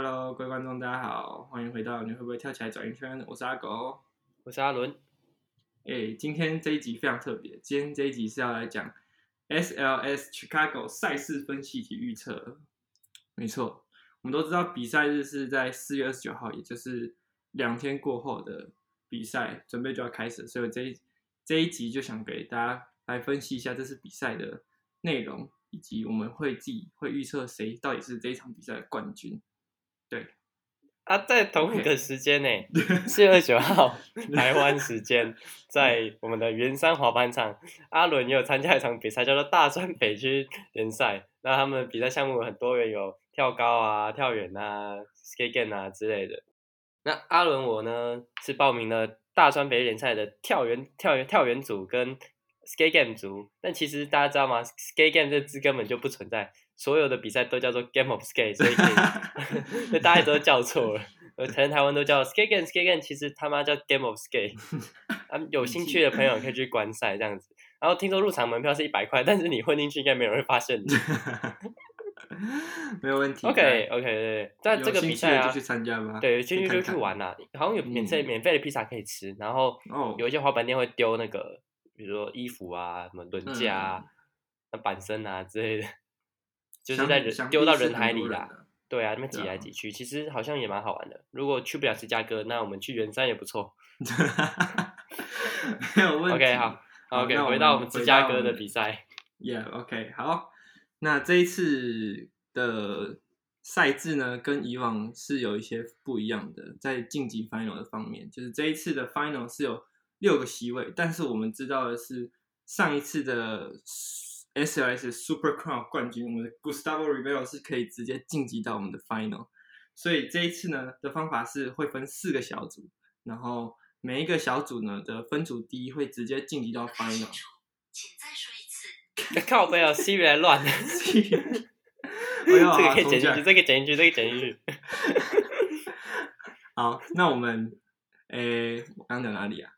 Hello，各位觀眾，大家好，歡迎回到你會不會跳起來轉一圈？我是阿狗，我是阿倫。哎、欸，今天這一集非常特別，今天這一集是要來講 SLS Chicago 賽事分析及預測。沒錯，我們都知道比賽日是在四月二十九號，也就是兩天過後的比賽準備就要開始，所以這一這一集就想給大家來分析一下這次比賽的內容，以及我們會記，會預測誰到底是這一場比賽的冠軍。啊，在同一個時間呢、欸，四、okay. 月二十九號 台灣時間，在我們的圓山滑板場，阿倫也有參加一場比賽，叫做大川北區聯賽。那他們比賽項目有很多，人有跳高啊、跳遠啊、skate game 啊之類的。那阿倫我呢，是報名了大川北區聯賽的跳遠、跳遠、跳遠組跟 skate game 組。但其實大家知道嗎？skate game 這字根本就不存在。所有的比賽都叫做 Game of Skate，所以，以， 所以大家都叫錯了。我呃，台灣都叫 Skate a g a i n s k a t e a g a i n 其實他媽叫 Game of Skate，啊。有興趣的朋友可以去觀賽這樣子。然後聽說入場門票是一百塊，但是你混進去應該沒有人會發現你。 沒有問題。OK OK 對對。個比賽啊，對，有興趣就去玩啦，啊嗯。好像有免費免費的披薩可以吃，然後有一些滑板店會丟那個，比如說衣服啊、什麼輪架啊、那、嗯、板身啊之類的。就是在人，是人丟到人海裡啦。對啊，那邊擠來擠去，啊，其實好像也蠻好玩的。如果去不了芝加哥，那我們去圓山也不錯。 沒有問題。Okay, 好，OK，那我們回到我們芝加哥的比賽。Yeah, OK, 好。那這一次的賽制呢，跟以往是有一些不一樣的。在晉級 final 的方面，就是這一次的 final 是有六個席位，但是我們知道的是，上一次的。SLS Super Crown 冠軍，我們的 Gustavo Ribeiro 是可以直接晉級到我們的 Final，所以這一次呢的方法是會分四個小組，然後每一個小組呢的分組第一會直接晉級到 Final。請再說一次。靠北了，C 語言亂要這個可以剪進去、啊，這個剪進去，這個剪進去。這個、剪進去 好，那我們，誒、欸，我剛講哪裡啊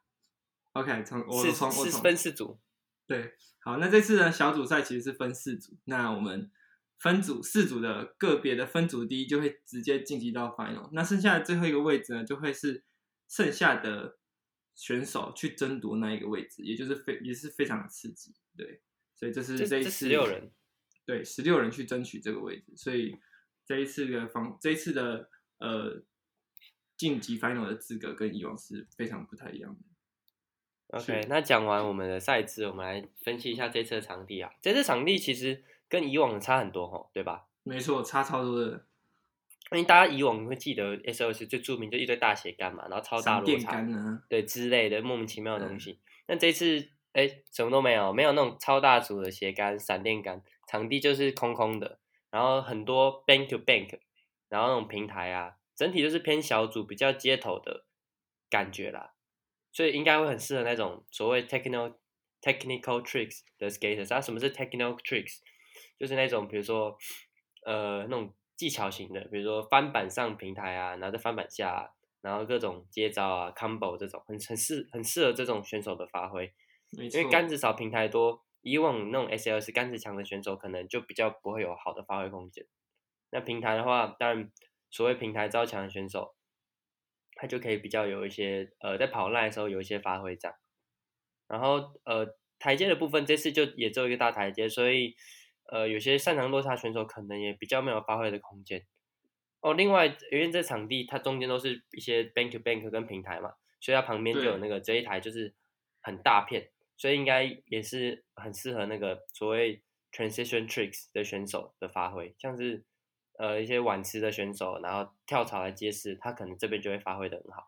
？OK，從我從是我分四組，對。好，那這次呢，小組賽其實是分四組。那我們分組四組的個別的分組第一就會直接晉級到 final，那剩下的最後一個位置呢，就會是剩下的選手去爭奪那一個位置，也就是非也是非常的刺激。對，所以這是這一次十六人，對，十六人去爭取這個位置。所以這一次的方，這一次的呃晉級 final 的資格跟以往是非常不太一樣的。OK，那講完我們的賽制，我們來分析一下這次的場地啊。這次場地其實跟以往的差很多吼，對吧？沒錯，差超多的。因為大家以往會記得 SLS 最著名就是一堆大斜杆嘛，然後超大落差，啊、對之類的莫名其妙的東西。嗯、那這次哎、欸，什麼都沒有，沒有那種超大組的斜杆、閃電杆，場地就是空空的，然後很多 bank to bank，然後那種平台啊，整體就是偏小組、比較街頭的感覺啦。所以應該會很適合那種所謂 technical technical tricks 的 skaters。它、啊、什麼是 technical tricks？就是那種比如說，呃，那種技巧型的，比如說翻板上平台啊，拿着翻板下、啊，然後各種接招啊，combo 這種，很很適很適合這種選手的發揮。沒錯。因為桿子少，平台多。以往那種 SLS 桿子強的選手，可能就比較不會有好的發揮空間。那平台的話，當然所謂平台招強的選手。它就可以比較有一些，呃，在跑 line 的時候有一些發揮，這樣。然後，呃，台階的部分這次就也做一個大台階，所以，呃，有些擅長落差選手可能也比較沒有發揮的空間。哦，另外，因為這場地它中間都是一些 bank to bank 跟平台嘛，所以它旁邊就有那個這一台就是很大片，所以應該也是很適合那個所謂 transition tricks 的選手的發揮，像是，呃，一些碗池的選手，然後跳槽來街式，他可能這邊就會發揮得很好，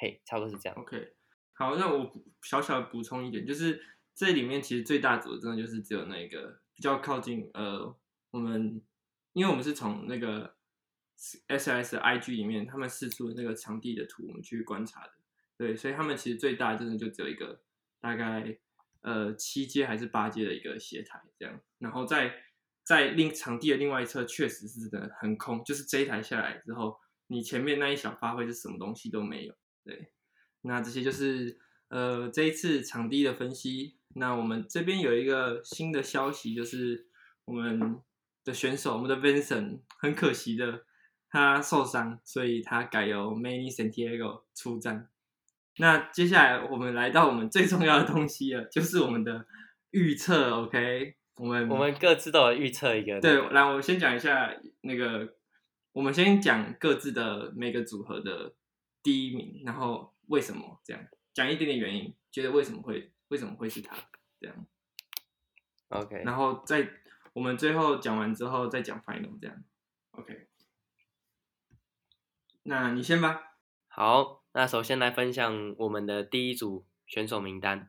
嘿、hey，差不多是這樣。OK，好，那我小小補充一點，就是這裡面其實最大組的真的就是只有那個比較靠近呃我們，因為我們是從那個 SLS 的 IG 裡面他們釋出的那個場地的圖，我們去觀察的，對，所以他們其實最大的真的就只有一個大概呃七階還是八階的一個斜台這樣，然後在。在另場地的另外一側，確實是的，很空。就是這一台下來之後，你前面那一小發揮是什麼東西都沒有。對，那這些就是呃這一次場地的分析。那我們這邊有一個新的消息，就是我們的選手我們的 Vincent 很可惜的他受傷，所以他改由 Manny Santiago 出戰。那接下來我們來到我們最重要的東西了，就是我們的預測。OK。我們我們各自都有預測一個，那個。對，來，我先講一下那個，我們先講各自的每個組合的第一名，然後為什麼這樣，講一點點原因，覺得為什麼會為什麼會是他這樣。OK，然後再我們最後講完之後再講 final 這樣。OK，那你先吧。好，那首先來分享我們的第一組選手名單。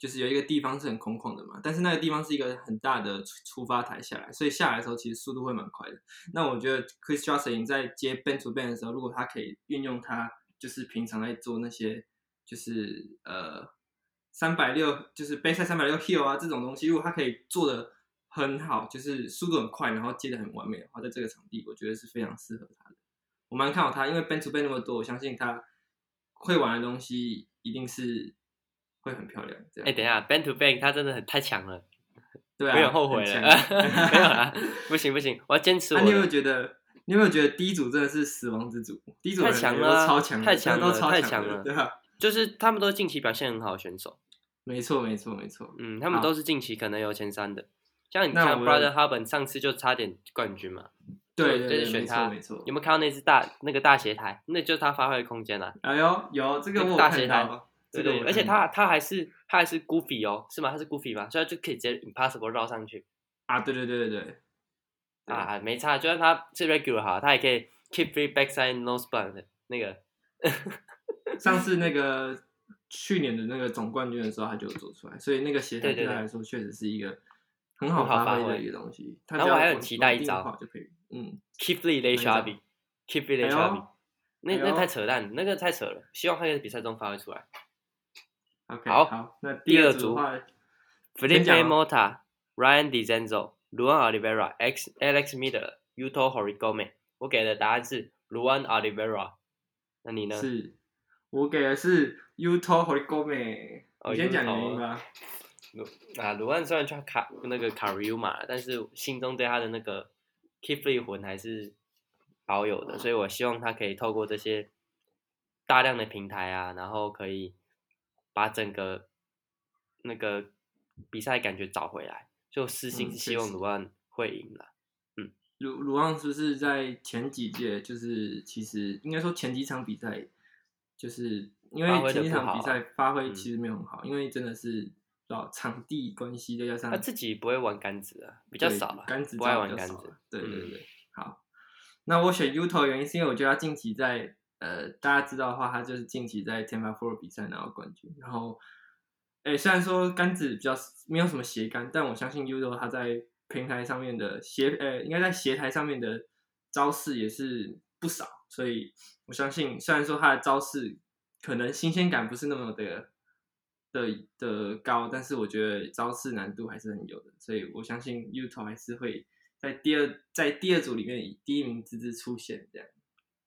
就是有一個地方是很空曠的嘛，但是那個地方是一個很大的出出發台下來，所以下來的時候其實速度會蠻快的。那我覺得 Chris Jocelin 在接 bank to bank 的時候，如果他可以運用他就是平常在做那些就是呃三百六就是 BS 三百六 heel 啊這種東西，如果他可以做得很好，就是速度很快，然後接得很完美的話，在這個場地我覺得是非常適合他的。我蠻看好他，因為 bank to bank 那麼多，我相信他會玩的東西一定是。會很漂亮。哎、欸，等一下，bank to bank，他真的很太強了，對、啊、沒有後悔的， 沒有了啦， 不行不行，我要堅持我。那、啊、你有沒有覺得？你有沒有覺得第一組真的是死亡之、D、組？第一組太強了,、啊、了，超強，太強了，太強了，對吧、啊？就是他們都是近期表現很好的選手。沒錯沒錯沒錯。嗯，他們都是近期可能有前三的，像你看，Braden Hoban 上次就差點冠軍嘛。對對對,對選他，沒錯沒錯。有沒有看到那隻大那個大斜台？那就是他發揮的空間了、啊。哎呦，有這個我有看到。那個對，對，對，而且他他還是他還是 goofy 哦？是嗎？他是 goofy 嗎？所以他就可以直接 impossible 繞上去。啊，對對對對對啊，啊，沒差，就算他是 regular 好，他也可以 keep free backside nosebump 那個。 上次那個去年的那個總冠軍的時候，他就有做出來，所以那個鞋對他來說確實是一個很好發揮的一個東西。他就然後我還很期待一招，就嗯 keep，keep free l e s h a b e keep free l e s h a b e 那，那個、太扯淡，那個太扯了，希望他在比賽中發揮出來。Okay, 好，那第二組 Filipe Mota Ryan Decenzo、盧安奧利維拉、Alex Alex Midler、Yuto Horigome 我給的答案是盧安奧利維拉，那你呢？是，我給的是 Yuto Horigome 哦，你先講。啊，盧安雖然穿卡那個卡瑞歐嘛，但是心中對他的那個 keep free 魂還是保有的，所以我希望他可以透過這些大量的平台啊，然後可以。把整個那個比賽感覺找回來，就私心希望盧旺會贏了。嗯，盧盧旺是不是在前幾屆就是其實應該說前幾場比賽，就是因為前幾場比賽發揮其實沒有很好，好，嗯，因為真的是哦場地關係再加上他自己不會玩杆子啊，比較少了，杆子比較少，不愛玩桿子，對對對，嗯，好，那我選 Yuto 原因是因為我覺得他近期在。呃，大家知道的話，他就是近期在 Tampa Four 比賽拿到冠軍。然後，哎，雖然說桿子比較沒有什麼斜桿，但我相信 Yuto 他在平台上面的斜，呃，應該在斜台上面的招式也是不少。所以我相信，雖然說他的招式可能新鮮感不是那麼的的的高，但是我覺得招式難度還是很有的。所以我相信 Yuto 還是會在第二在第二組裡面以第一名之姿出現這樣。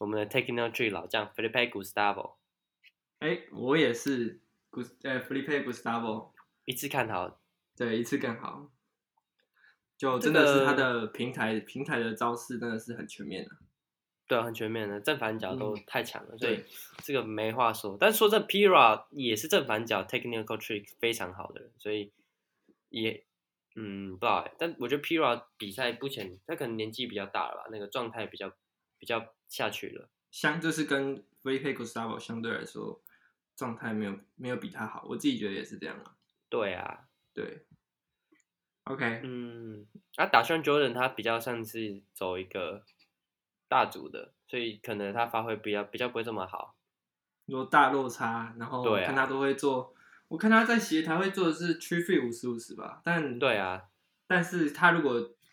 我們的 technical trick 老將 Felipe Gustavo，哎，我也是 Gus 呃 Felipe Gustavo，一次看好，對一次更好，就真的是他的平台，這個，平台的招式真的是很全面的，啊，對、啊，很全面的正反腳都太強了，嗯所以，對，這個沒話說。但說這 P-Rod 也是正反腳 technical trick 非常好的所以也嗯不好，欸，但我覺得 P-Rod 比賽目前他可能年紀比較大了吧，那個狀態比較，比較下去了，像就是跟 VP Gustavo 相對來說狀態沒有沒有比他好，我自己覺得也是這樣啊。對啊，對。OK，嗯，他 Dashawn Jordan 他比較像是走一個大組的，所以可能他發揮比較比較不會這麼好，有大落差。然後我看他都會做，啊、我看他在斜台他會做的是區費五十五十吧，但對啊，但是他如果。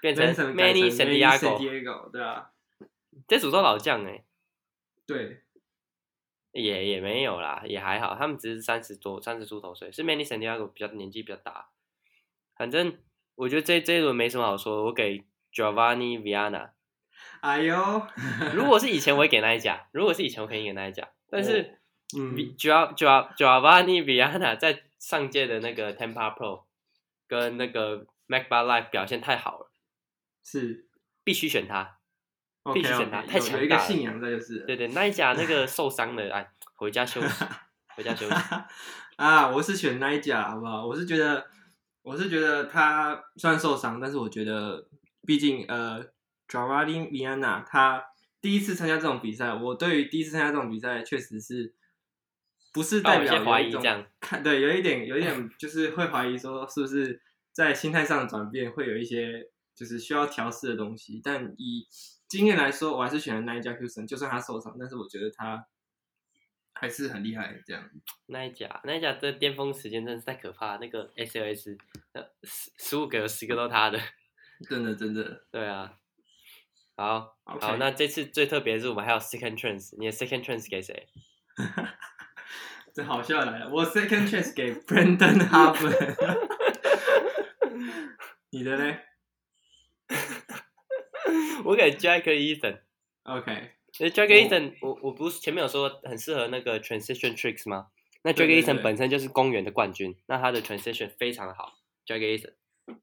變成 Manny Santiago 對啊。這組都老將誒、欸，對，也也沒有啦，也還好，他們只是三十多、三十出頭歲，是 Manny Santiago 比較年紀比較大，反正我覺得這一這一輪沒什麼好說，我給 Giovanni Viana，哎呦， 如果是以前我會給那一家，如果是以前我可以給那一家，但是 Giovanni、嗯、Giovanni Gia, Gia, Viana 在上屆的那個 Tampa Pro，跟那個 Macba Life 表現太好了。是必須選他，okay, okay, 必須選他，okay, 太強大了，有一個信仰，這就是對，對對。奈 a、Nyjah、那個受傷的，哎 回家休息，回家休息啊！我是選奈 a、Nyjah, 好不好？我是覺得，我是覺得他雖然受傷，但是我覺得，畢竟呃，Giovanni Vianna 他第一次參加這種比賽，我對於第一次參加這種比賽，確實是不是代表懷、啊、疑這樣看？對，有一點，有一點就是會懷疑說，是不是在心態上的轉變會有一些。就是需要調試的東西，但以經驗來說，我還是選喜歡 Nyjah Huston，就算他受傷，但是我覺得他還是很厲害。這樣 Nyjah Nyjah 的巔峰時間真是太可怕了，那個 SLS 呃十十五個有十個都是他的，哦、真的真的。對啊，好、okay. 好，那這次最特別的是我們還有 Second Chance，你的 Second Chance 給誰？ 這好笑來了，我 Second Chance 給 Braden Hoban。 你的嘞？Okay, Jagger Eason okay. Jagger Eason, oh. 我給 Jagger Eason，OK，Jagger Eason，我我不是前面有說很適合那個 transition tricks 嗎？那 Jagger Eason 本身就是公園的冠軍，那他的 transition 非常好。Jagger Eason，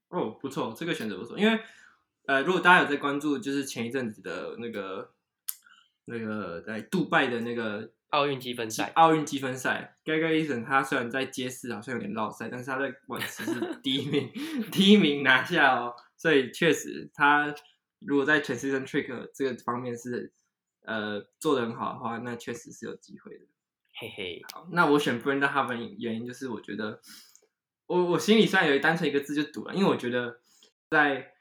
哦，oh, 不錯，這個選擇不錯，因為呃，如果大家有在關注，就是前一陣子的那個那個在杜拜的那個奧運積分賽，奧運積分賽 Jagger Eason 他雖然在街式好像有點落賽，但是他在碗池是第一名， 第一名拿下哦，所以確實他。如果在 transition trick 這個方面是，呃，做得很好的話，那確實是有機會的。嘿嘿，好，那我選 Braden Hoban，原因就是我覺得，我我心裡雖然有單純一個字就賭了，因為我覺得在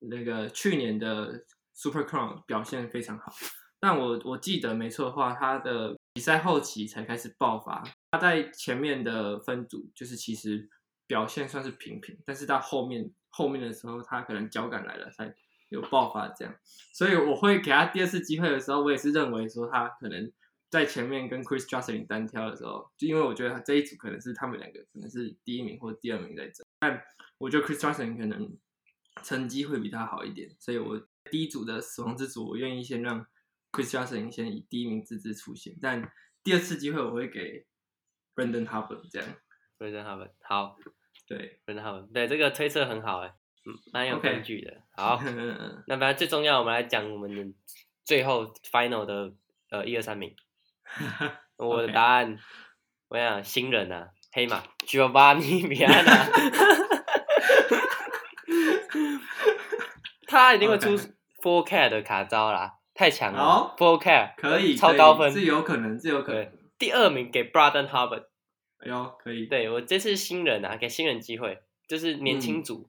那個去年的 Super Crown 表現非常好，但我我記得沒錯的話，他的比賽後期才開始爆發，他在前面的分組就是其實表現算是平平，但是到後面後面的時候，他可能腳感來了才。有爆發這樣，所以我會給他第二次機會的時候，我也是認為說他可能在前面跟 Chris Jocelin 單挑的時候，就因為我覺得他這一組可能是他們兩個可能是第一名或第二名在爭。但我覺得 Chris Jocelin 可能成績會比他好一點，所以我第一組的死亡之組，我願意先讓 Chris Jocelin 先以第一名之姿出現，但第二次機會我會給 Braden Hoban 這樣 Braden Hoban 好，對 Braden Hoban 對這個推測很好哎、欸。蠻有根據的，okay. 好，那反正最重要，我們來講我們的最後 final 的呃，一二三名。 okay. 我的答案，我想新人吶、啊，黑馬 Giovanni Vianna 他一定會出 four care 的卡招啦，太強了，four、okay. care 可以，、呃、可以超高分，是有可能，是有可能。第二名給 Braden Hoban，哎呦，可以，對我這次新人吶、啊，給新人機會，就是年輕組。嗯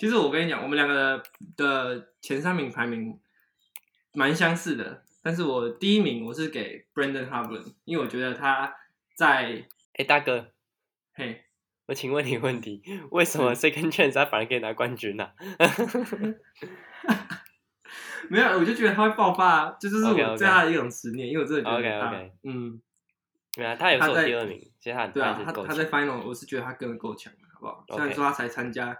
其實我跟你講，我們兩個的、的前三名排名蠻相似的，但是我第一名我是給 Braden Hoban，因為我覺得他在哎、欸、大哥，嘿，我請問你個問題，為什麼 Second Chance 他反而可以拿冠軍、啊、呢？ 沒有，我就覺得他會爆發，這就是我最大的一種執念，okay, okay. 因為我真的覺得他，okay, okay. 嗯，沒、okay, 有、okay.，他他在第二名其實他，對啊，他他在 Final，我是覺得他個人夠強，好不好？雖然說他才參加。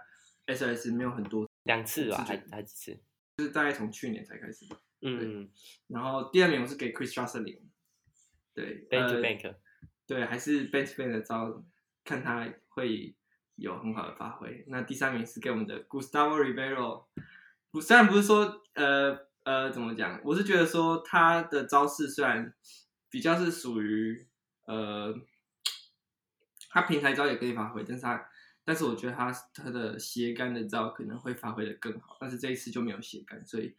S S 沒有很多，兩次吧、啊，還還幾次？就是大概從去年才開始。嗯,嗯，然後第二名我是給 Chris Joslin 對 Bank，、呃、對，還是 Bank to Bank 的招，看他會有很好的發揮、嗯。那第三名是給我們的 Gustavo Ribeiro，雖然不是說，呃呃，怎麼講？我是覺得說他的招式雖然比較是屬於，呃，他平台招也可以發揮，但是。他。但是我覺得他他的斜桿的招可能會發揮的更好，但是這一次就沒有斜桿，所以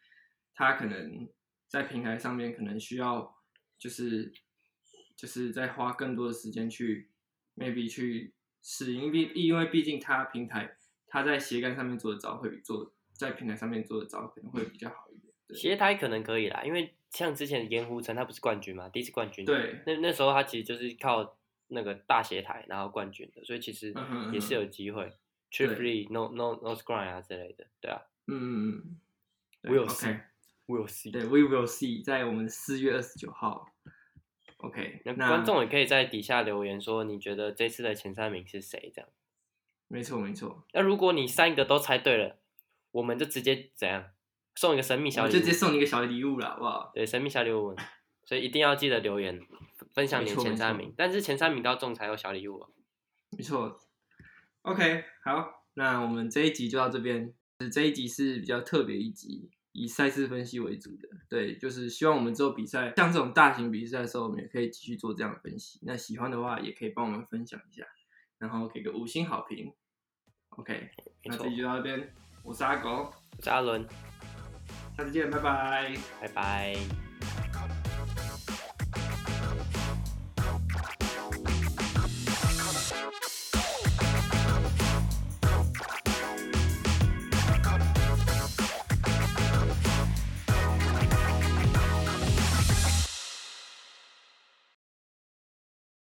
他可能在平台上面可能需要就是就是再花更多的時間去 maybe 去試，因為因為畢竟他平台他在斜桿上面做的招會比做在平台上面做的招可能會比較好一點，斜台可能可以啦，因為像之前的鹽湖城他不是冠軍嘛，第一次冠軍，對，那那時候他其實就是靠。那個大斜台，然後冠軍的，所以其實也是有機會、嗯嗯、，Triple No No No Scram 啊之類的，對啊，嗯嗯嗯，We'll see，We'll、okay. see，對，We will see，在我們四月二十九號，OK，那，那觀眾也可以在底下留言說你覺得這次的前三名是誰？這樣，沒錯沒錯，那如果你三個都猜對了，我們就直接怎樣，送一個神秘小禮物，就直接送你一個小禮物了，好不好？對，神秘小禮物， 所以一定要記得留言。分享給前三名，但是前三名都要中才有小禮物啊。沒錯。OK，好，那我們這一集就到這邊。這一集是比較特別一集，以賽事分析為主的。對，就是希望我們之後比賽，像這種大型比賽的時候，我們也可以繼續做這樣的分析。那喜歡的話，也可以幫我們分享一下，然後給個五星好評。OK，那這一集就到這邊，我是阿狗，我是阿倫，下次見，拜拜，拜拜。